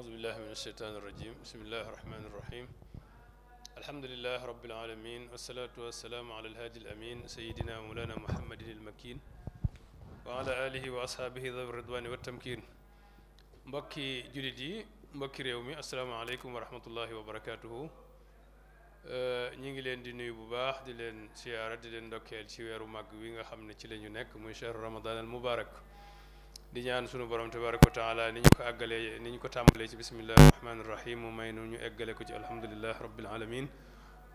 أعوذ بالله من الشيطان الرجيم بسم الله الرحمن الرحيم الحمد لله رب العالمين والصلاة والسلام على الهادي الأمين سيدنا مولانا محمد المكين وعلى آله وأصحابه ذوي الرضوان والتمكين mbokki jullit yi mbokki réew mi asalaamaaleykum wa rahmatullahi wa barakaatuhu euh, ñi ngi leen di nuyu bu baax di leen siyaara di leen ndokkeel ci weeru màgg wi nga xam ne ci la ñu nekk muy chahru ramadan al mubarak di ñaan sunu borom tabaraka wa taala ni ñu ko àggalee ni ñu ko tàmbalee ci bismillahi rahmaani rahim mu may nu ñu eggale ko ci alhamdulilah rabbil alamin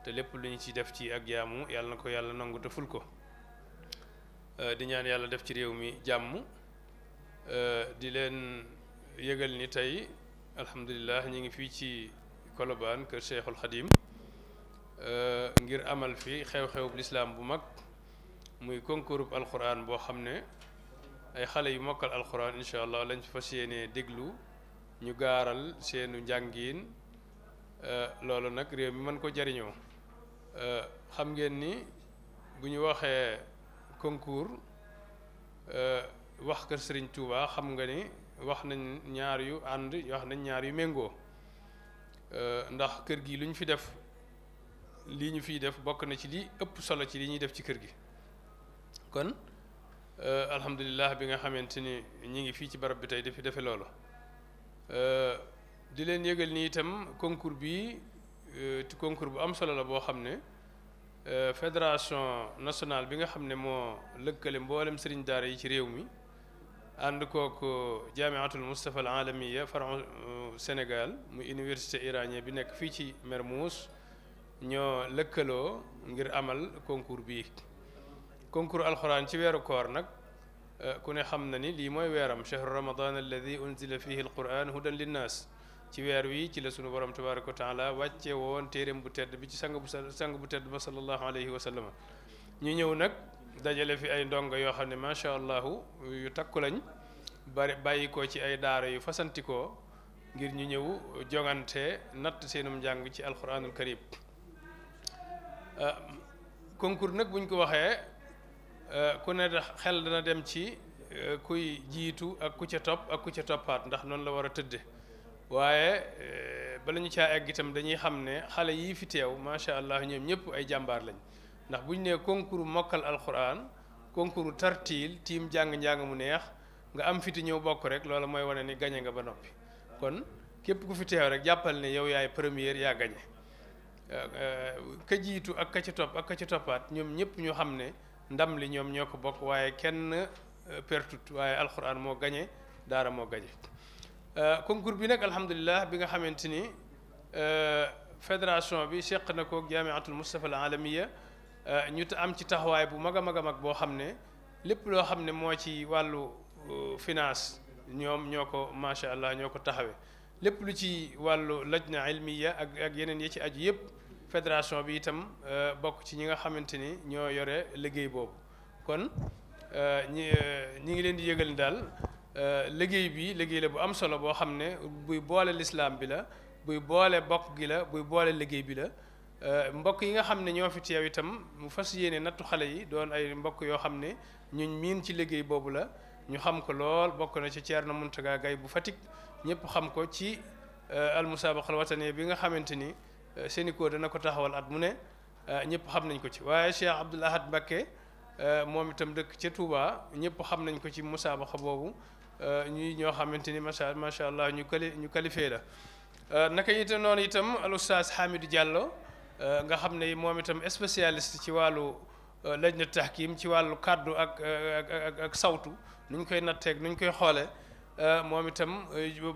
te lépp lu ñu ci def ci ak jaamu yàlla na ko yàlla nangu te ko euh, di ñaan yàlla def ci réew mi jàmm euh, di leen yëgal ni tey alhamdulillah ñu ngi fii ci Colobane kër Cheikhul Khadim euh, ngir amal fi xew-xew bu lislaam bu mag muy concours bu alquran boo xam ne ay xale yu mokkal alxuraan incha allah lañ fas yéenee déglu ñu gaaral seenu njàngiin euh, loolu nag réew mi mën ko jariñoo euh, xam ngeen ni bu ñu waxee concours euh, wax kër Serigne Touba xam nga ni wax nañ ñaar yu ànd wax nañ ñaar yu méngoo ndax kër gi lu ñu fi def lii ñu fi def bokk na ci li ëpp solo ci li ñuy def ci kër gi kon. Euh, alhamdulilah bi nga xamante ni ñi ngi fii ci barab bi tey dafi defe loolu euh, di leen yëgal ni itam concours bi ci euh, concours bu am solo la boo xam ne fédération nationale bi nga xam ne moo lëkkale mboolem sëriñ daara yi ci réew mi ànd kooku jaamiatul Moustapha al alamiya faran Sénégal mu université iranien bi nekk fii ci Mermoz ñoo lëkkaloo ngir amal concours bii concours alxuraan ci weeru koor nag eh, ku ne xam na ni lii mooy weeram chahru ramadan alladi unzila fihi alquran hudan linnaas ci weer wi ci la sunu borom tabaraka wa taala wàcce woon téeréem bu tedd bi ci sang bu sang bu tedd ba sallallahu alayhi wa sallam ñu ñëw nag dajale fi ay ndongo yoo xam ne macha allah yu takku lañ bari bàyyi ko ci ay daara yu fasantikoo ngir ñu ñëw jongante natt seenum njàng ci alquranul karim eh, concours nag buñ ko waxee Euh, ku ne xel dana dem ci euh, kuy jiitu ak ku ca topp ak ku ca toppaat ndax noonu la war a tëdde waaye euh, bala ñu caa egg itam dañuy xam ne xale yii fi teew macha allah ñoom ñëpp ay jàmbaar lañ ndax bu ñu nee concours mokkal alquran concours tartiil tiim jàng-njàng mu neex nga am fiti ñëw bokk rek loolu mooy wane ni gañe nga ba noppi kon képp ku fi teew rek jàppal ne yow yaay première yaa gañe ka jiitu ak ka ca topp ak ka ca toppaat ñoom ñëpp ñu xam ne ndam li ñoom ñoo ko bokk waaye kenn euh, pertut waaye alxuraan moo gañe daara moo gañe euh, concours bi nag alhamdulilah bi nga xamante ni euh, fédération bi seq na ko jaamiatul Mustafa al alamiya ñu am ci taxawaay bu mag a mag a mag boo xam ne lépp loo xam ne moo ci wàllu finance ñoom ñoo ko macha allah ñoo ko taxawe lépp lu ci wàllu lajna ilmiya ak ak yeneen yi ci aju yëpp. fédération bi itam euh, bokk ci ñi nga xamante ni ñoo yore liggéey boobu kon euh, ñi euh, ñi ngi leen di yëgal ni daal liggéey bi liggéey la bu am solo boo xam ne buy boole lislaam bi la buy boole bokk gi la buy boole liggéey bi la mbokk yi nga xam ne ñoo fi teew itam mu fas yéene nattu xale yi doon ay mbokk yoo xam ne ñun miin ci liggéey boobu la ñu xam ko lool bokk na ci Thierno Mountaga Gaye bu Fatick ñëpp xam ko ci almusaabaqa al wataniya bi nga xamante ni Euh, Sénico dana ko taxawal at mu ne euh, ñëpp xam nañ ko ci waaye Cheikh Abdoul Ahad Mbacké euh, moom itam dëkk ca Touba ñëpp xam nañ ko ci musaabaxa boobu ñuy ñoo xamante ni macha macha allah ñu quali ñu qualifié la naka itam noonu itam al oustaz Hamidou Diallo nga xam ne moom itam spécialiste ci wàllu lajna tahkim ci wàllu kàddu ak ak ak sawtu nu ñu koy natteeg nu ñu koy xoole moom itam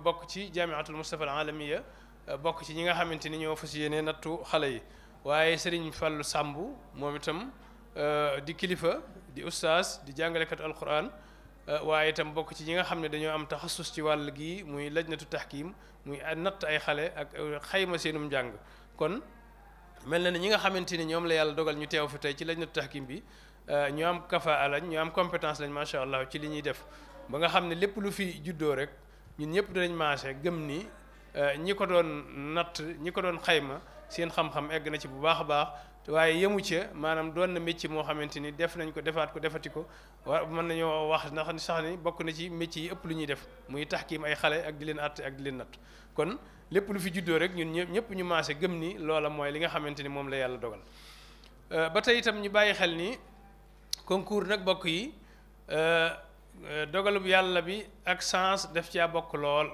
bokk ci jamiatul Mustafa al alamiya bokk ci ñi nga xamante ni ñoo fas yenee nattu xale yi waaye Serigne Fallou Samb moom itam euh, di kilifa di ustaas di jàngalekatu alquran euh, waaye itam bokk ci ñi nga xam ne dañoo am taxasus ci wàll gii muy lajnatu taxkim muy natt ay xale ak euh, xayma seenum njàng kon mel na ni ñi nga xamante ni ñoom la yàlla dogal ñu teew fi tey ci lajnatu taxkim bi ñu am kafa lañ ñu am compétence lañ macha allah ci li ñuy def ba nga xam ne lépp lu fi juddoo rek ñun ñëpp dinañ maase gëm ni Euh, ñi ko doon natt ñi ko doon xayma seen xam-xam egg na ci bu baax a baax waaye yemu ca maanaam doon na métier moo xamante ni def nañ ko defaat ko defati ko wa mën nañoo wax ndax sax ni bokk na ci métier yi ëpp lu ñuy def muy taxkiim ay xale ak di ak leen natt kon lépp lu fi juddoo rek ñun ñëpp ñëpp ñu maase gëm ni loola mooy li nga xamante ni moom la yàlla dogal euh, ba tey itam ñu bàyyi xel ni concours nag bokk yi euh, dogalub yàlla bi ak sance def caa bokk lool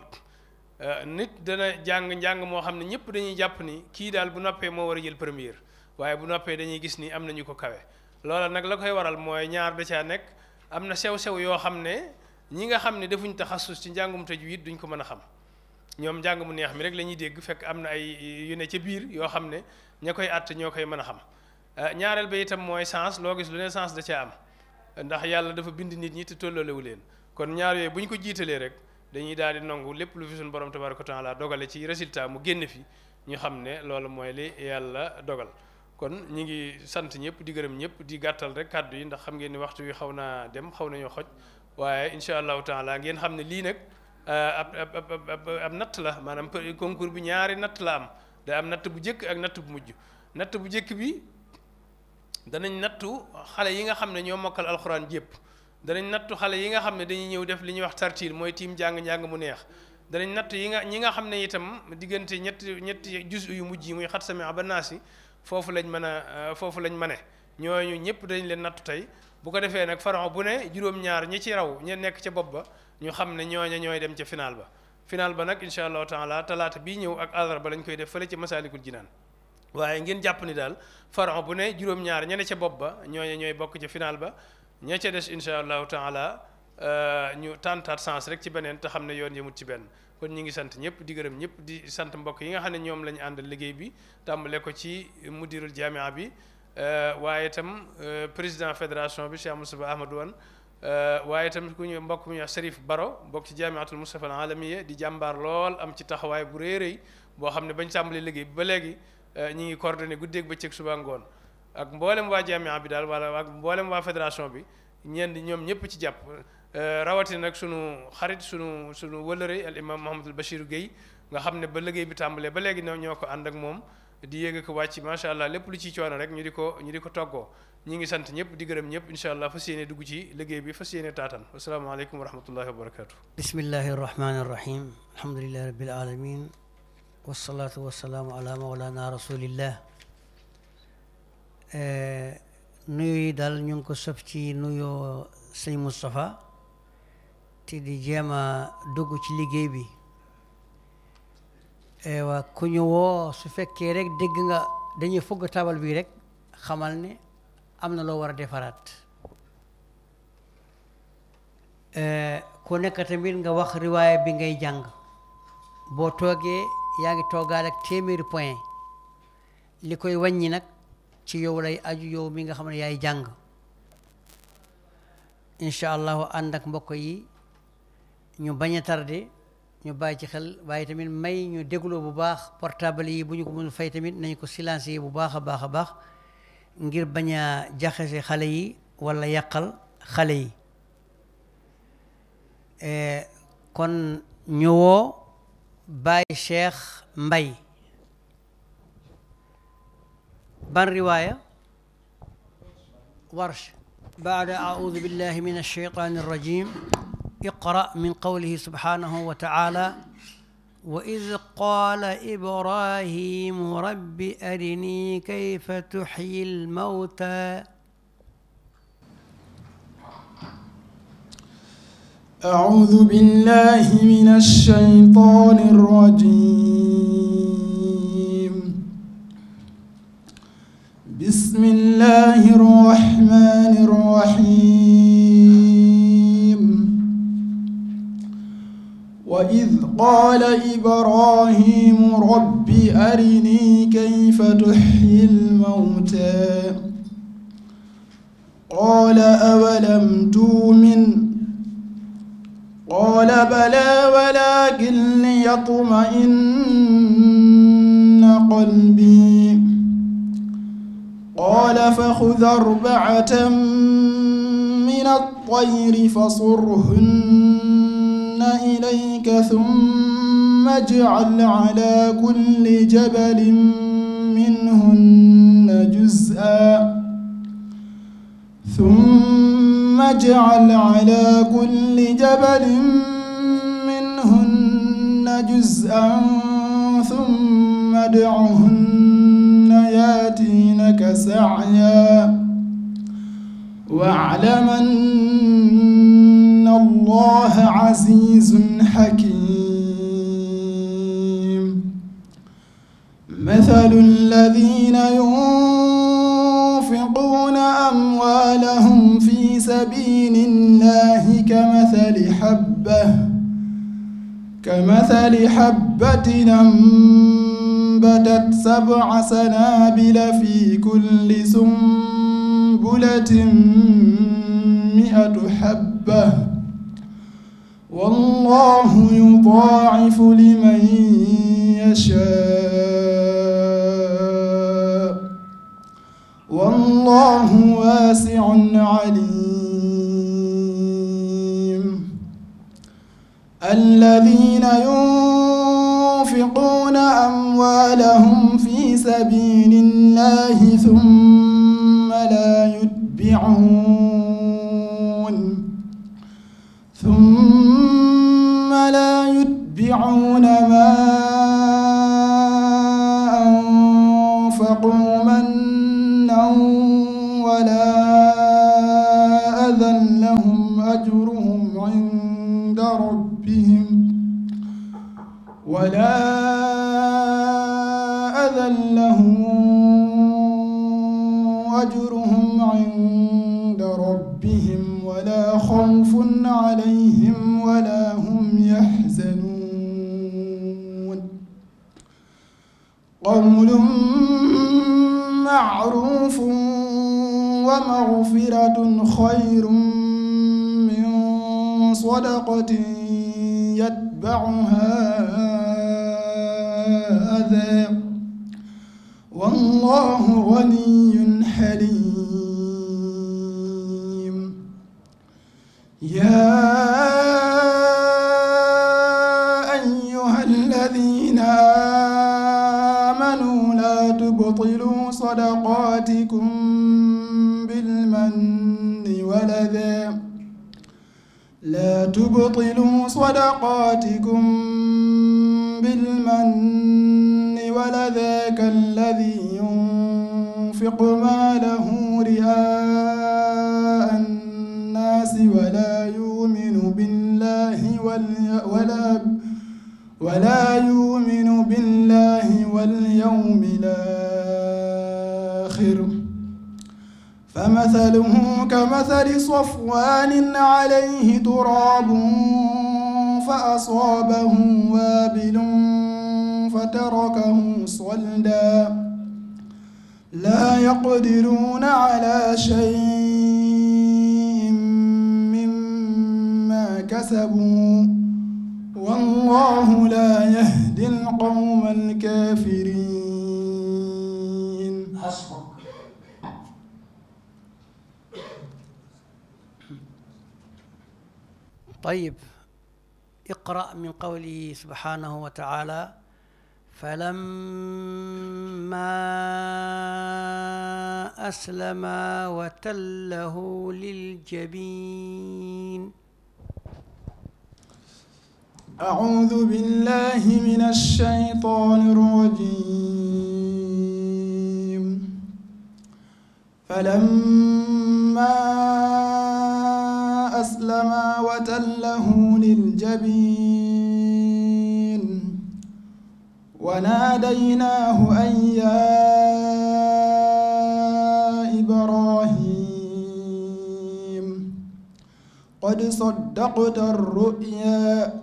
Euh, nit dana jàng njàng moo xam ne ñëpp dañuy jàpp ni kii daal bu noppee moo war a jël première waaye bu noppee dañuy gis ni am na ñu ko kawe loola nag la koy waral mooy ñaar da caa nekk am na sew-sew yoo xam ne ñi nga xam ne defuñ taxasus ci njàngum tajwiid duñ ko mën a xam ñoom njàng mu neex mi rek lañuy ñuy dégg fekk am na ay yu ne ca biir yoo xam ne ña koy àtt ñoo koy mën a xam euh, ñaareel ba itam mooy sens loo gis lu ne sens da caa am ndax yàlla dafa bind nit ñi te tolloolewu leen kon ñaar bu ñu ko jiitalee rek dañuy daal di nangu lépp lu fi suñu borom ko taala dogale ci résultat mu génn fi ñu xam ne loolu mooy li yàlla dogal kon ñi ngi sant ñëpp di gërëm ñëpp di gàttal rek kàddu yi ndax xam ngeen ni waxtu wi xaw naa dem xaw nañoo xoj waaye incha allahu taala ngeen xam ne lii nag eh, ab ab ab natt la maanaam concours bi ñaari natt la am da am natt bu njëkk ak natt bu mujj natt bu njëkk bi danañ nattu xale yi nga xam ne ñoo mokkal alxuraan jépp danañ nattu xale yi nga xam ne dañuy ñëw def li ñuy wax tartiil mooy tiim jàng-njàng mu neex danañ nattu yi nga ñi nga xam ne itam diggante ñetti ñetti jus yu mujj yi muy xat sami ba naas yi foofu lañ mën a euh, foofu lañ mane ñooñu ñëpp dañ leen nattu tey bu ko defee nag faron bu ne juróom-ñaar ñi ci raw ña nekk ca bopp ba ñu xam ne ñooña ñooy dem ca final ba final ba nag incha allahu taala talaata bii ñëw ak àllarba lañ koy def fële ci masaalikul jinaan waaye ngeen jàpp ni daal faron bu ne juróom-ñaar ña ne ca bopp ba ñooña ñooy bokk ca final ba ña ca des incha allahu taala euh, ñu tentaat sens rek ci beneen te xam ne yoon yëmut ci benn kon ñu ngi sant ñëpp di gërëm ñëpp di sant mbokk yi nga xam ne ñoom lañu àndal liggéey bi tàmbale ko ci mudirul jamia bi euh, waaye itam euh, président fédération bi Cheikh Moustapha Ahmadou Wane waaye tam ku ñu mbokk mi wax Serif Baro mbokk ci jaamiatul Moustapha al alamiya di jàmbaar lool am ci taxawaay bu rëy rëy boo xam ne bañ tàmbali liggéey bi ba léegi ñu ngi coordonné guddeeg bëccëg suba ngoon ak mboolem waa jamia bi daal wala ak mboolem waa fédération bi ñeen ñoom ñëpp ci jàpp euh, rawatina nag sunu xarit sunu sunu wëlëre al imam Mouhamadul Bachir Guèye nga xam ne ba liggéey bi tàmbalee ba léegi ñoo ñoo ko ànd ak moom di yég ko wàcc macha allah lépp lu ciy coono rek ñu di ko ñu di ko toggoo ñi ngi sant ñëpp di gërëm ñëpp incha allah fas yéene dugg ci liggéey bi fas yéene taatan asalaamaaleykum wa rahmatullahi wa barakatu bismillahi rahmani rahim alhamdulilahi rabbil alamin wasalaatu wasalaamu ala maulana rasulillah Eh, nuyu yi daal ñu ngi ko sof ci nuyu sëñ Moustapha ti di jéem dugg ci liggéey bi eh, waa ku ñu su fekkee rek dégg nga dañuy fugg tabal bii rek xamal ne am na loo war a defaraat eh, ku nekk tamit nga wax riwaaya bi ngay jàng boo toogee yaa ngi toogaal ak téeméeri point li koy wàññi nag ci yow lay aju yow mi nga xam ne yaay jàng incha allah ànd ak mbokk yi ñu bañ a tardé ñu bàyyi ci xel waaye tamit may ñu dégloo bu baax portable yi bu ñu ko mënul fay tamit nañ ko silence yi bu baax a baax a baax ngir bañ a jaxase xale yi wala yàqal xale yi eh, kon ñëwoo Baye Cheikh mbay ban riwaaya warsh baada audu billahi min alsheytaani alrajim iqra min qawlihi subhanahu wa taala wa id qaala ibrahimu rabbi arinii kayfa tuxyi almawta audu billahi min alsheytaani alrajim بسم الله الرحمن الرحيم وإذ قال إبراهيم رب أرني كيف تحيي الموتى قال أولم تؤمن قال بلى ولكن ليطمئن قلبي قال فخذ أربعة من الطير فصرهن إليك ثم اجعل على كل جبل منهن جزءا ثم اجعل على كل جبل منهن جزءا ثم ادعهن ياتينك سعيا واعلم ان الله عزيز حكيم مثل الذين ينفقون اموالهم في سبيل الله كمثل حبه كمثل حبه أنبتت أنبتت سبع سنابل في كل سنبلة مئة حبة والله يضاعف لمن يشاء والله واسع عليم الذين ينفقون ينفقون أموالهم في سبيل الله ثم معروف ومغفرة خير من صدقة يتبعها أذى والله غني حليم يا نفقاتكم بالمن ولذاك الذي ينفق ماله رئاء الناس ولا يؤمن بالله ولا ولا يؤمن بالله واليوم الآخر فمثله كمثل صفوان عليه تراب فأصابه وابل فتركه صلدا لا يقدرون على شيء مما كسبوا والله لا يهدي القوم الكافرين طيب اقرأ من قوله سبحانه وتعالى فلما أسلما وتله للجبين أعوذ بالله من الشيطان الرجيم فلما أسلما وتله الجبين وناديناه أن يا إبراهيم قد صدقت الرؤيا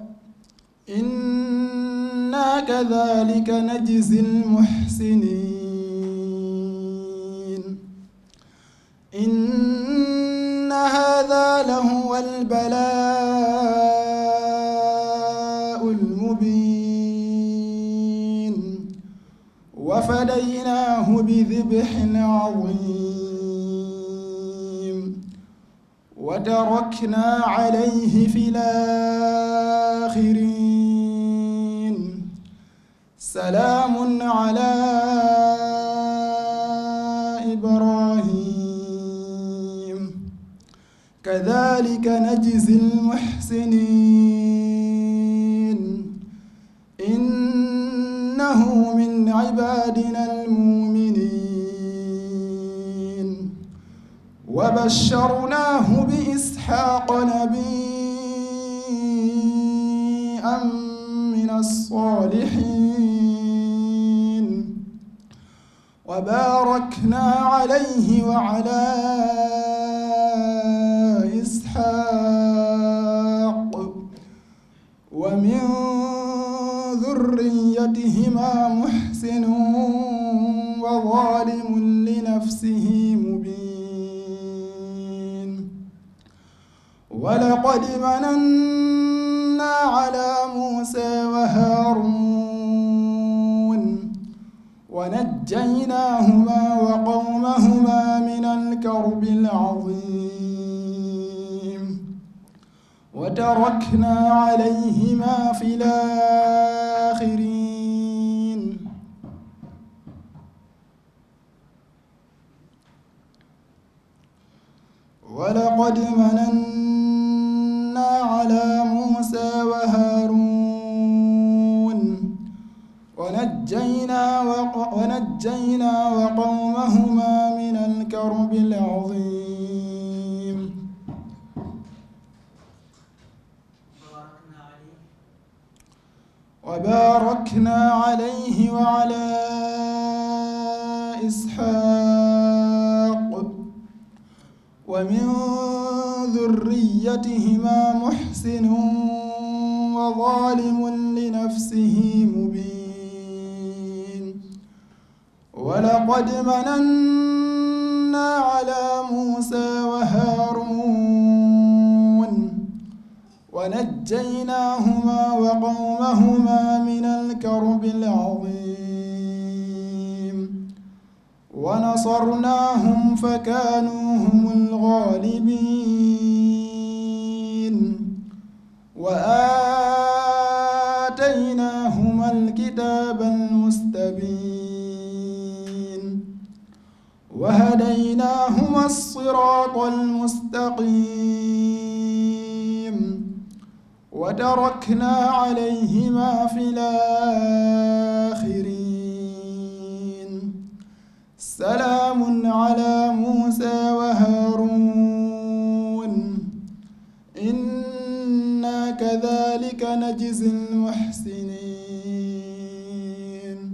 إنا كذلك نجزي المحسنين إن هذا لهو البلاء وفديناه بذبح عظيم وتركنا عليه في الآخرين سلام على إبراهيم كذلك نجزي المحسنين من عبادنا المؤمنين وبشرناه بإسحاق نبيا من الصالحين وباركنا عليه وعلى إسحاق ومن محسن وظالم لنفسه مبين ولقد مننا على موسى وهارون ونجيناهما وقومهما من الكرب العظيم وتركنا عليهما في الآخرين ولقد مننا على موسى وهارون ونجينا, وق ونجينا وقومهما من الكرب العظيم وباركنا عليه وعلى إسحاق ومن ذريتهما محسن وظالم لنفسه مبين ولقد مننا على موسى وهارون ونجيناهما وقومهما من الكرب العظيم ونصرناهم فكانوا هم الغالبين وآتيناهما الكتاب المستبين وهديناهما الصراط المستقيم وتركنا عليهما في الآخرين سلام على موسى وهارون إنا كذلك نجزي المحسنين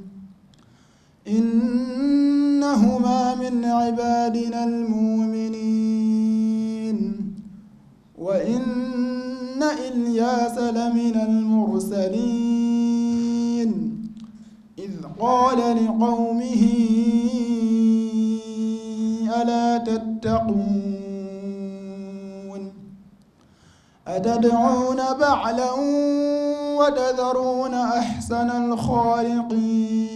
إنهما من عبادنا المؤمنين وإن إلياس لمن المرسلين إذ قال لقومه أفلا تتقون أتدعون بعلا وتذرون أحسن الخالقين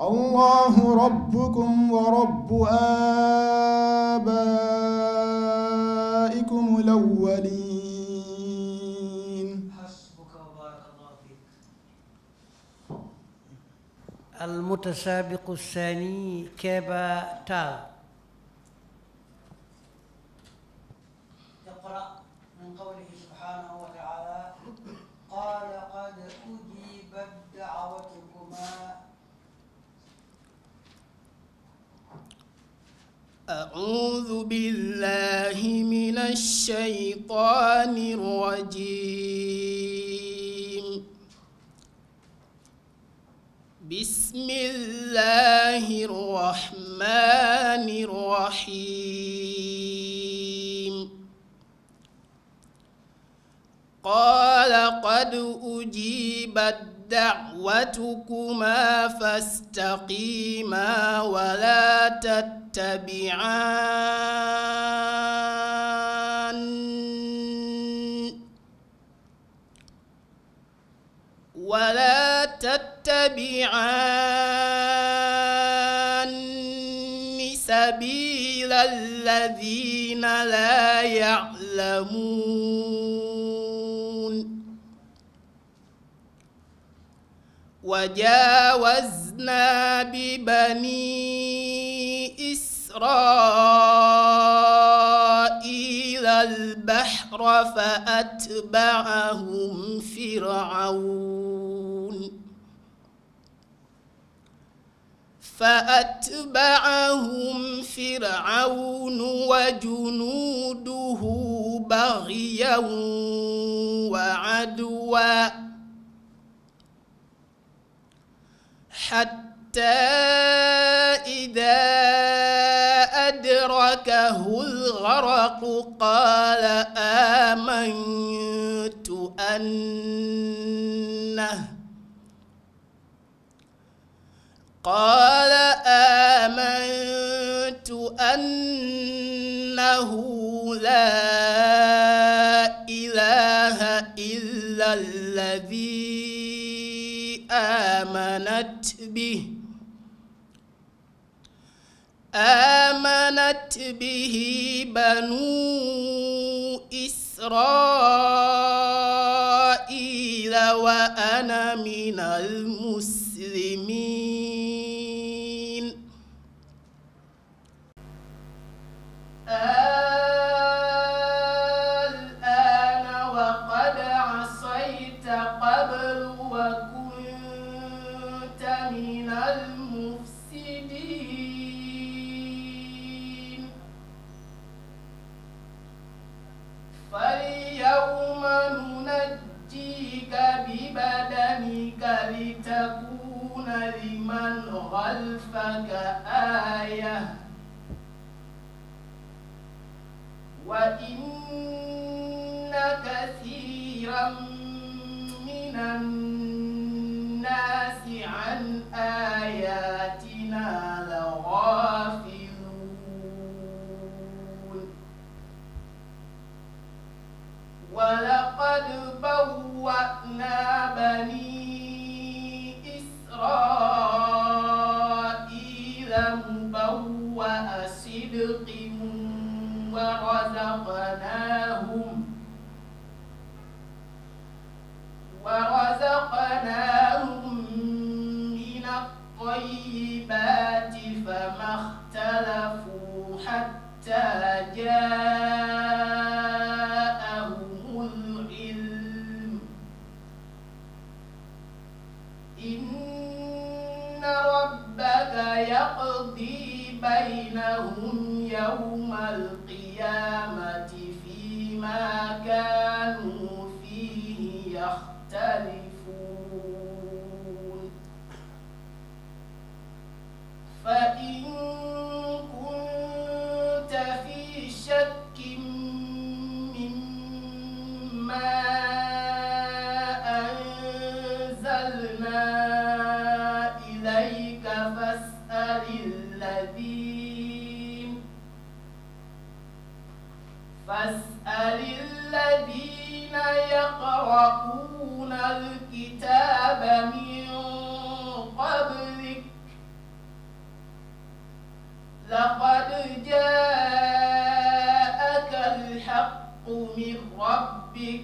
الله ربكم ورب آبائكم الأولين almutasaabiqu saani Keba Taal iqra min qawlihi subhaanahu wa taala qaala qad ujibat da'watukumaa a'uudu billaahi mina shaytaani rajiim الرحمن الرحيم قال قد أجيبت دعوتكما فاستقيما ولا تتبعان ولا تتبعان alladhina la ya'lamun wajawazna bi bani israila al bahra fa atba'ahum fir'aun فأتبعهم فرعون وجنوده بغيا وعدوا حتى إذا أدركه الغرق قال آمنت أنه قال آمنت أنه لا إله إلا الذي آمنت به آمنت به بنو إسرائيل إسرائيل وأنا من المسلمين الآن وقد عصيت قبل وكنت من المسلمين خلفك آية وإن كثيرا من الناس عن آياتنا لغافلون ولقد بوأنا بني رزقناهم من الطيبات فما اختلفوا حتى جاءهم العلم إن ربك يقضي بينهم يوم القيامة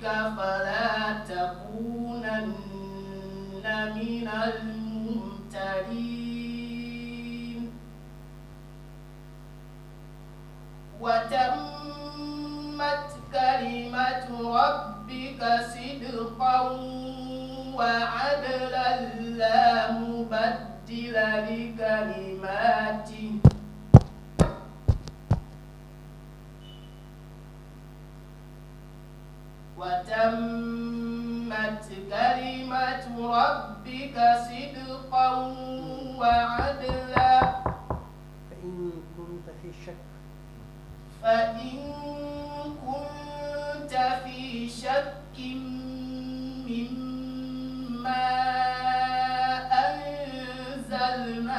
ربك فلا تكونن من الممترين وتمت كلمة ربك صدقا وعدلا لا مبدل لكلماته وتمت كلمة ربك صدقا وعدلا فإن كنت في شك فإن كنت في شك مما أنزلنا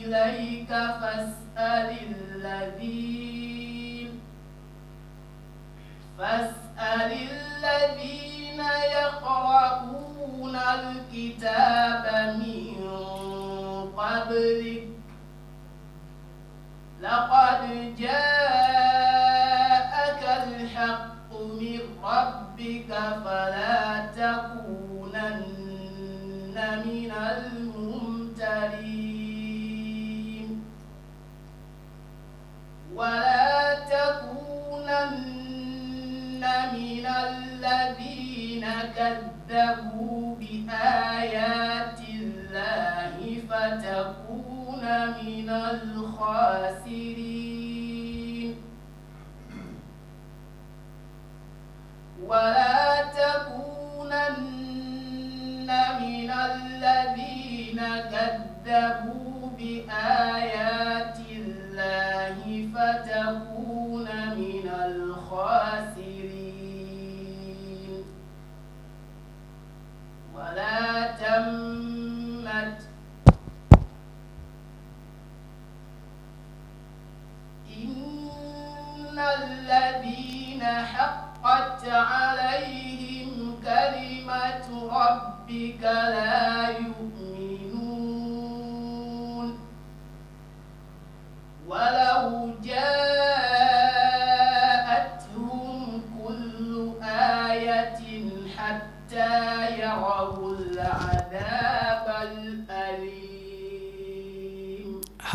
إليك فاسأل الذين فاسأل الذين يقرؤون الكتاب من قبلك لقد جاءك الحق من ربك فلا تكونن من الممترين ولا تكونن من الذين كذبوا بآيات الله فتكون من الخاسرين ولا تكونن من الذين كذبوا بآيات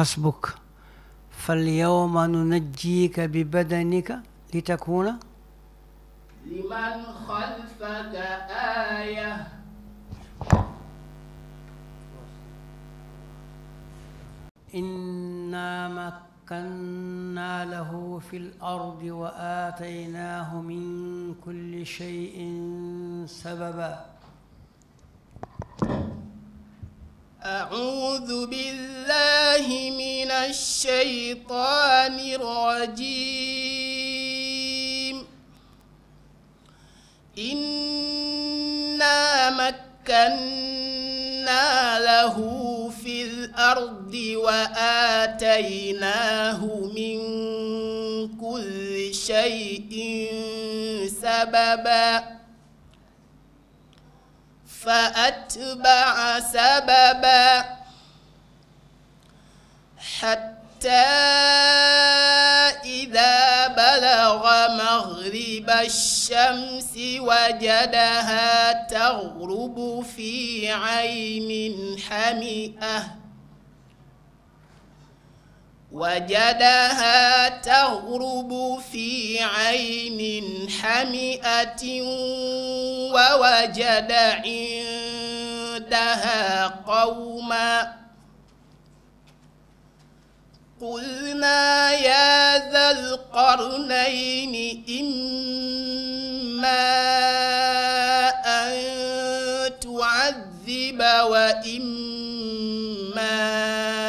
حسبك فاليوم ننجيك ببدنك لتكون لمن خلفك آية إنا مكنا له في الأرض وآتيناه من كل شيء سببا أعوذ بالله من الشيطان الرجيم إنا مكنا له في الأرض وآتيناه من كل شيء سبباً فأتبع سببا حتى إذا بلغ مغرب الشمس وجدها تغرب في عين حمئة وجدها تغرب في عين حمئة ووجد عندها قوما قلنا يا ذا القرنين إما أن تعذب وإما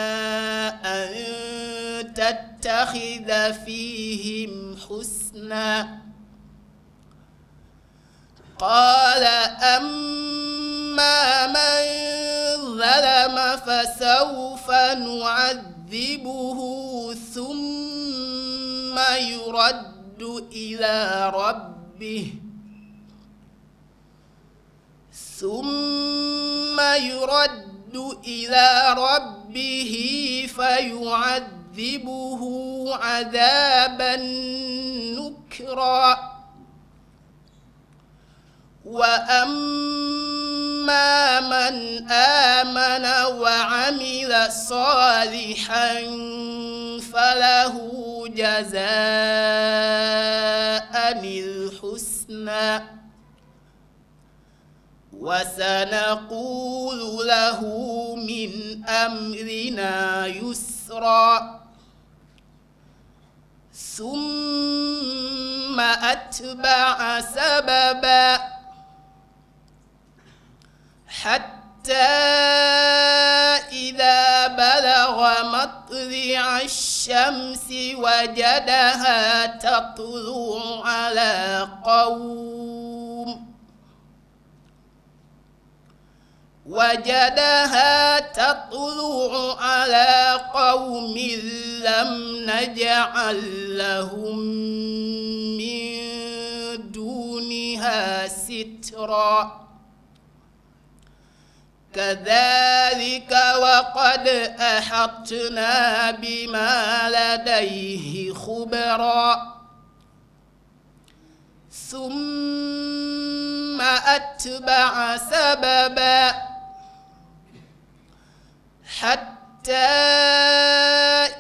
واتخذ فيهم حسنا قال أما من ظلم فسوف نعذبه ثم يرد إلى ربه ثم يرد إلى ربه فيعذب يعذبه عذابا نكرا واما من امن وعمل صالحا فله جزاء الحسنى وسنقول له من امرنا يسرا ثم أتبع سببا حتى إذا بلغ مطلع الشمس وجدها تطلع على قوم وجدها تطلع على قوم لم نجعل لهم من دونها سترا كذلك وقد أحطنا بما لديه خبرا ثم أتبع سببا حتى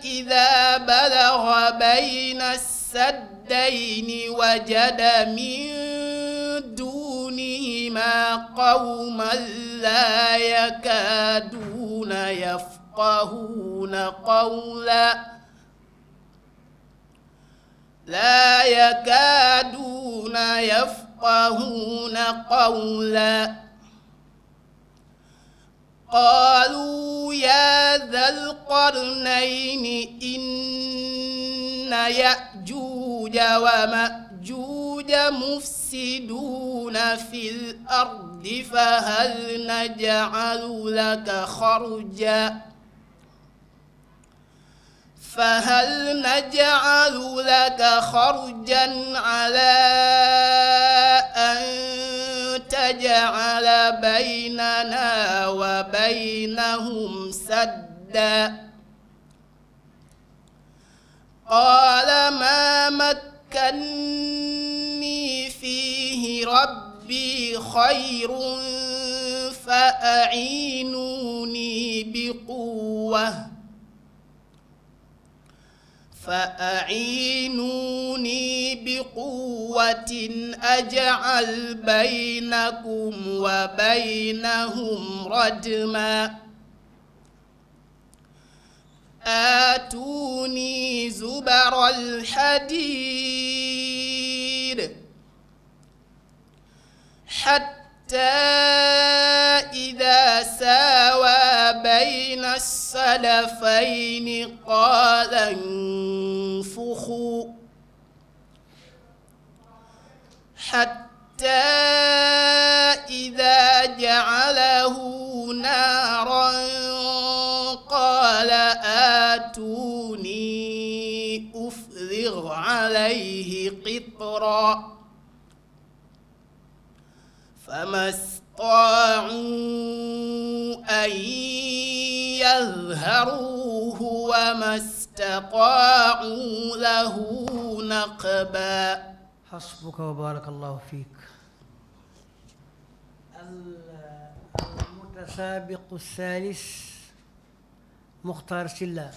إذا بلغ بين السدين وجد من دونهما قوما لا يكادون يفقهون قولا لا يكادون يفقهون قولا قالوا يا ذا القرنين إن يأجوج ومأجوج مفسدون في الأرض فهل نجعل لك خرجا فهل نجعل لك خرجا على أن تجعل بيننا وبينهم سدا قال ما مكني فيه ربي خير فأعينوني بقوة فأعينوني بقوة أجعل بينكم وبينهم ردما آتوني زبر الحديد حتى إذا ساوى بين السلفين قال انفخوا حتى إذا جعله نارا قال آتوني أفرغ عليه قطرًا فما استطاعوا أن يظهروه وما استطاعوا له نقبا حسبك وبارك الله فيك المتسابق الثالث مختار سلا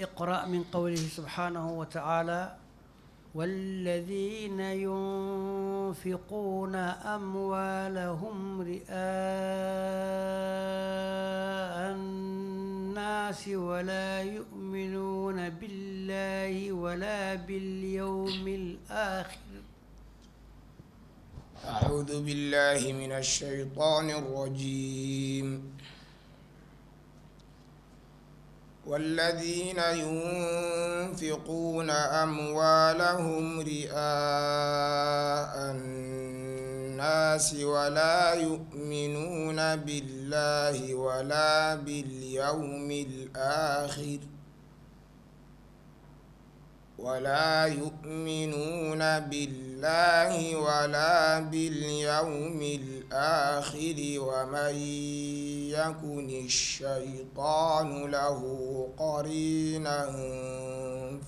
اقرأ من قوله سبحانه وتعالى والذين ينفقون أموالهم رئاء الناس ولا يؤمنون بالله ولا باليوم الآخر أعوذ بالله من الشيطان الرجيم والذين ينفقون أموالهم رئاء الناس ولا يؤمنون بالله ولا باليوم الآخر ولا يؤمنون بالله ولا باليوم الآخر ومن يكن الشيطان له قرينا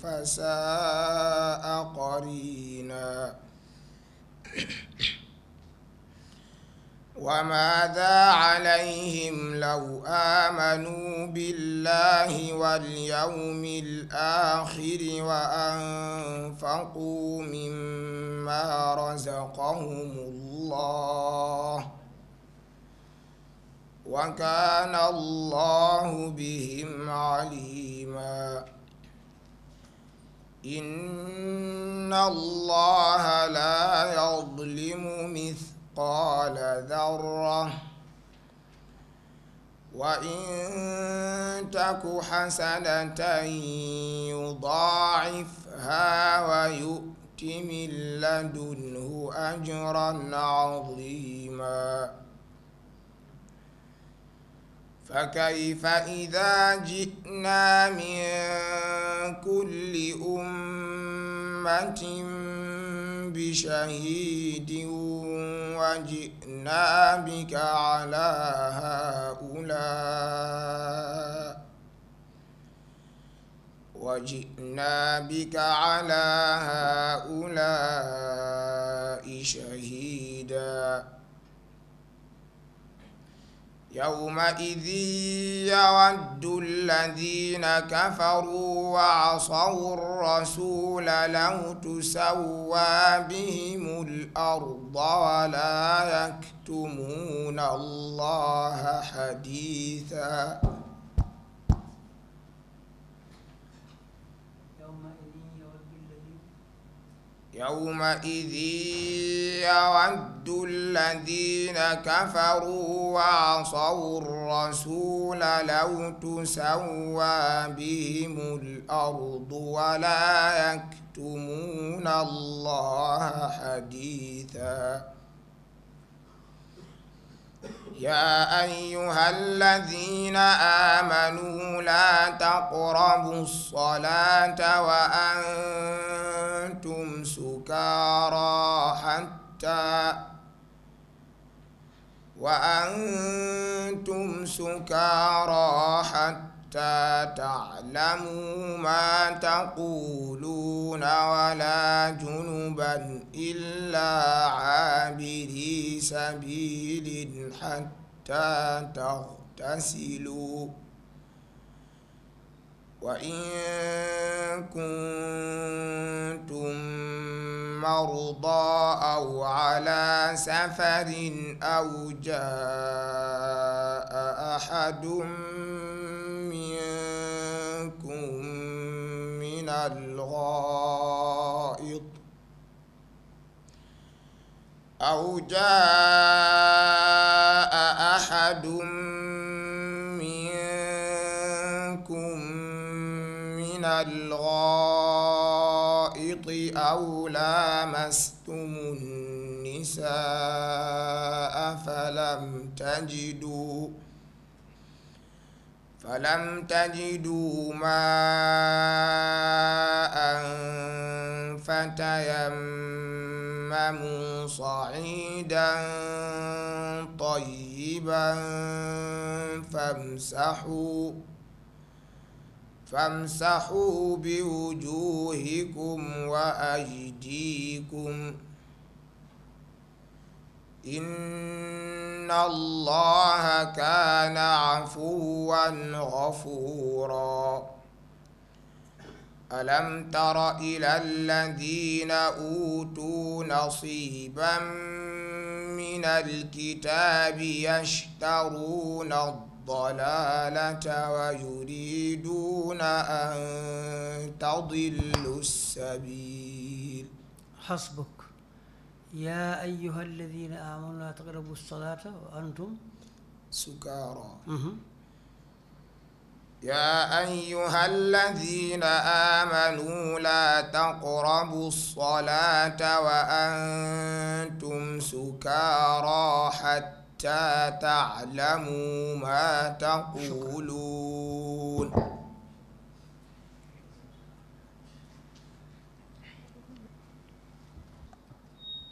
فساء قرينا وماذا عليهم لو آمنوا بالله واليوم الآخر وأنفقوا مما رزقهم الله وكان الله بهم عليما إن الله لا يظلم مثل مثقال ذرة وإن تك حسنة يضاعفها ويؤت من لدنه أجرا عظيما فكيف إذا جئنا من كل أمة بشهيد وجئنا بك على هؤلاء وجئنا بك على هؤلاء شهيدا يومئذ يود الذين كفروا وعصوا الرسول لو تسوى بهم الأرض ولا يكتمون الله حديثا يومئذ يود الذين كفروا وعصوا الرسول لو تسوى بهم الأرض ولا يكتمون الله حديثاً يا أيها الذين آمنوا لا تقربوا الصلاة وأنتم سكارى حتى وأنتم سكارى حتى حتى تعلموا ما تقولون ولا جنبا إلا عابري سبيل حتى تغتسلوا وإن كنتم مرضى أو على سفر أو جاء أحد الغائط أو جاء أحد منكم من الغائط أو لامستم النساء فلم تجدوا فلم تجدوا ماء فتيمموا صعيدا طيبا فامسحوا فامسحوا بوجوهكم وأيديكم إن الله كان عفوا غفورا ألم تر إلى الذين أوتوا نصيبا من الكتاب يشترون الضلالة ويريدون أن تضلوا السبيل حسبك yaa ayyuha alladina amanu laa taqrabu salaata wa antum sukaara yaa ayyuha alladina amanu laa taqrabu salaata wa antum sukaara hatta taalamu ma taquluun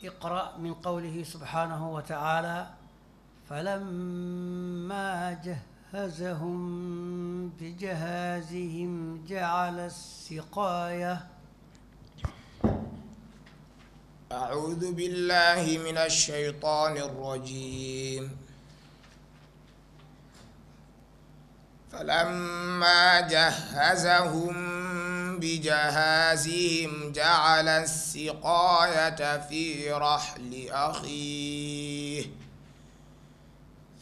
اقرأ من قوله سبحانه وتعالى فلما جهزهم بجهازهم جعل السقاية أعوذ بالله من الشيطان الرجيم فلما جهزهم بجهازهم جعل السقاية في رحل أخيه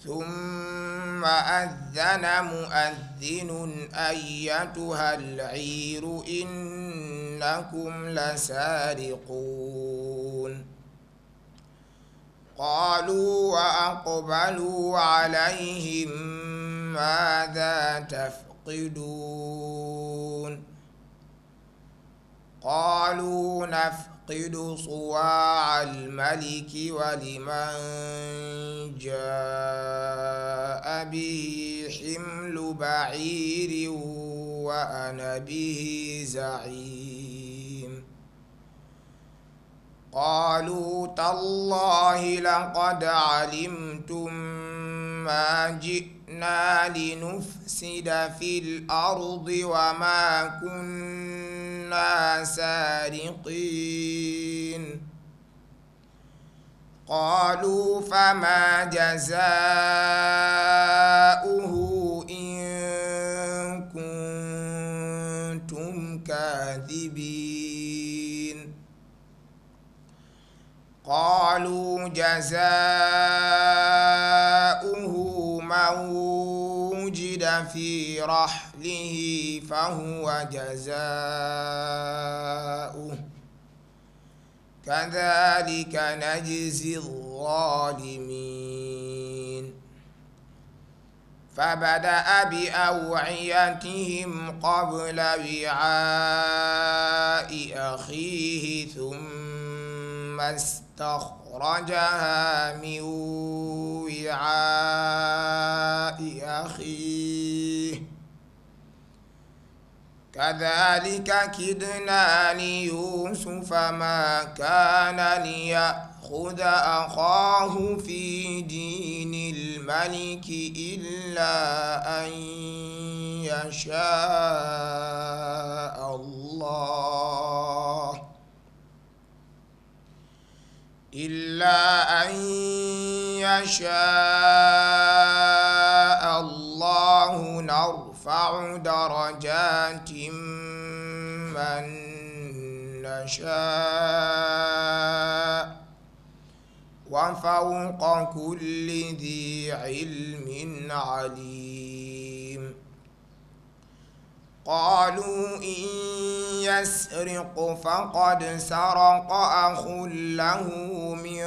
ثم أذن مؤذن أيتها العير إنكم لسارقون قالوا وأقبلوا عليهم ماذا تفقدون قالوا نفقد صواع الملك ولمن جاء به حمل بعير وأنا به زعيم قالوا تالله لقد علمتم ما جئنا لنفسد في الأرض وما كنا كنا سارقين قالوا فما جزاؤه إن كنتم كاذبين قالوا جزاؤه من وجد في رحله فهو جزاؤه كذلك نجزي الظالمين فبدأ بأوعيتهم قبل وعاء أخيه ثم استخرج أخرجها من وعاء أخيه كذلك كدنا ليوسف ما كان ليأخذ أخاه في دين الملك إلا أن يشاء الله إلا أن يشاء الله نرفع درجات من نشاء وفوق كل ذي علم عليم قالوا إن يسرق فقد سرق أخ له من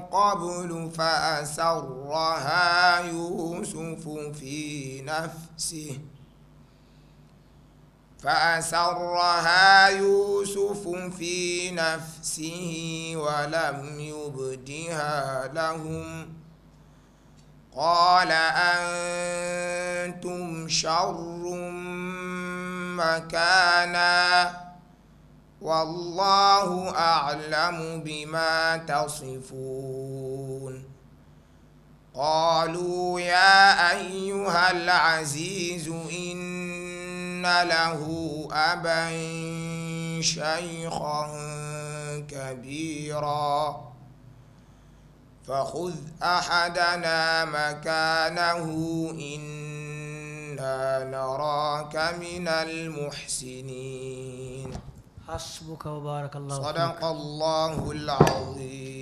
قبل فأسرها يوسف في نفسه فأسرها يوسف في نفسه ولم يبدها لهم قال أنتم شر مكانا والله أعلم بما تصفون قالوا يا أيها العزيز إن له أبا شيخا كبيرا فخذ أحدنا مكانه إنا نراك من المحسنين حسبك وبارك الله صدق الله العظيم